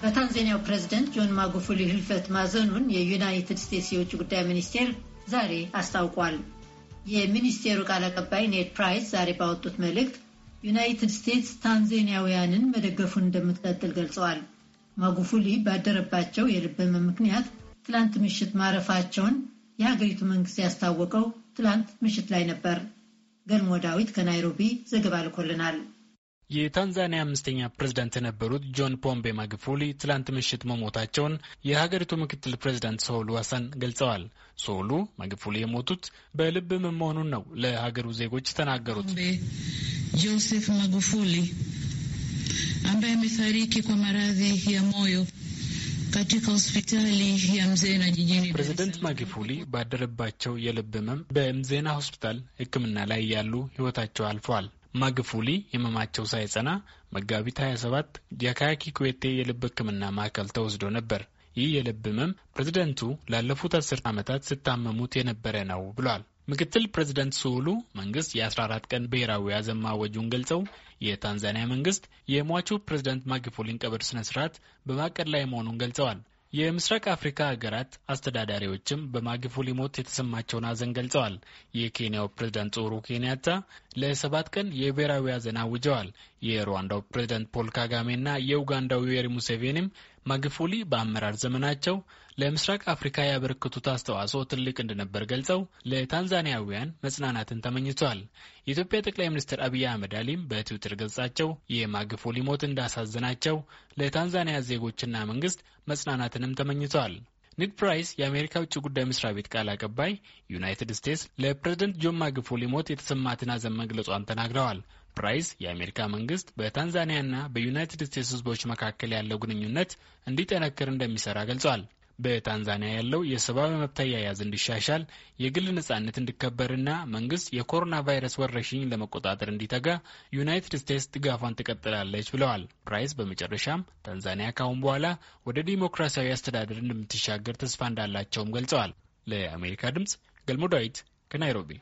በታንዛኒያው ፕሬዚደንት ጆን ማጉፉሊ ህልፈት ማዘኑን የዩናይትድ ስቴትስ የውጭ ጉዳይ ሚኒስቴር ዛሬ አስታውቋል። የሚኒስቴሩ ቃል አቀባይ ኔድ ፕራይስ ዛሬ ባወጡት መልእክት ዩናይትድ ስቴትስ ታንዛኒያውያንን መደገፉን እንደምትቀጥል ገልጸዋል። ማጉፉሊ ባደረባቸው የልብ ህመም ምክንያት ትላንት ምሽት ማረፋቸውን የሀገሪቱ መንግስት ያስታወቀው ትላንት ምሽት ላይ ነበር። ገልሞ ዳዊት ከናይሮቢ ዘገባ ልኮልናል። የታንዛኒያ አምስተኛ ፕሬዝዳንት የነበሩት ጆን ፖምቤ ማግፉሊ ትላንት ምሽት መሞታቸውን የሀገሪቱ ምክትል ፕሬዝዳንት ሶሉ ሀሰን ገልጸዋል። ሶሉ ማግፉሊ የሞቱት በልብ ህመም መሆኑን ነው ለሀገሩ ዜጎች ተናገሩት። ጆሴፍ ማጉፉሊ አምባይ አሜፋሪኪ ኮማራዚ የሞዮ ካቲካ ሆስፒታሊ ባደረባቸው የልብ ህመም በምዜና ሆስፒታል ህክምና ላይ ያሉ ህይወታቸው አልፈዋል። ማግፉሊ ህመማቸው ሳይጸና መጋቢት 27 ጃካያ ኪኩዌቴ የልብ ህክምና ማዕከል ተወስዶ ነበር። ይህ የልብ ህመም ፕሬዝደንቱ ላለፉት አስር ዓመታት ስታመሙት የነበረ ነው ብሏል። ምክትል ፕሬዝደንት ሱሉ መንግስት የ14 ቀን ብሔራዊ ሐዘን ማወጁን ገልጸው የታንዛኒያ መንግስት የሟቹ ፕሬዝደንት ማግፉሊን ቀብር ስነ ስርዓት በማቀድ ላይ መሆኑን ገልጸዋል። የምስራቅ አፍሪካ ሀገራት አስተዳዳሪዎችም በማግፉ ሊሞት የተሰማቸውን ሀዘን ገልጸዋል። የኬንያው ፕሬዝዳንት ኡሁሩ ኬንያታ ለሰባት ቀን የብሔራዊ ሀዘን አውጀዋል። የሩዋንዳው ፕሬዝዳንት ፖል ካጋሜና የኡጋንዳው ዮዌሪ ሙሴቬኒም ማግፎሊ በአመራር ዘመናቸው ለምስራቅ አፍሪካ ያበረከቱት አስተዋጽኦ ትልቅ እንደነበር ገልጸው ለታንዛኒያውያን መጽናናትን ተመኝተዋል። የኢትዮጵያ ጠቅላይ ሚኒስትር አብይ አህመድ አሊም በትዊተር ገጻቸው የማግፎሊ ሞት እንዳሳዘናቸው ለታንዛኒያ ዜጎችና መንግስት መጽናናትንም ተመኝተዋል። ኒክ ፕራይስ የአሜሪካ ውጭ ጉዳይ መስሪያ ቤት ቃል አቀባይ ዩናይትድ ስቴትስ ለፕሬዝደንት ጆን ማጉፉሊ ሞት የተሰማትን ሐዘን መግለጿን ተናግረዋል። ፕራይስ የአሜሪካ መንግስት በታንዛኒያና በዩናይትድ ስቴትስ ህዝቦች መካከል ያለው ግንኙነት እንዲጠነክር እንደሚሰራ ገልጿል። በታንዛኒያ ያለው የሰብአዊ መብት አያያዝ እንዲሻሻል፣ የግል ነጻነት እንዲከበርና መንግስት የኮሮና ቫይረስ ወረርሽኝ ለመቆጣጠር እንዲተጋ ዩናይትድ ስቴትስ ድጋፏን ትቀጥላለች ብለዋል። ፕራይስ በመጨረሻም ታንዛኒያ ካሁን በኋላ ወደ ዲሞክራሲያዊ አስተዳደር እንደምትሻገር ተስፋ እንዳላቸውም ገልጸዋል። ለአሜሪካ ድምጽ ገልሞ ዳዊት ከናይሮቢ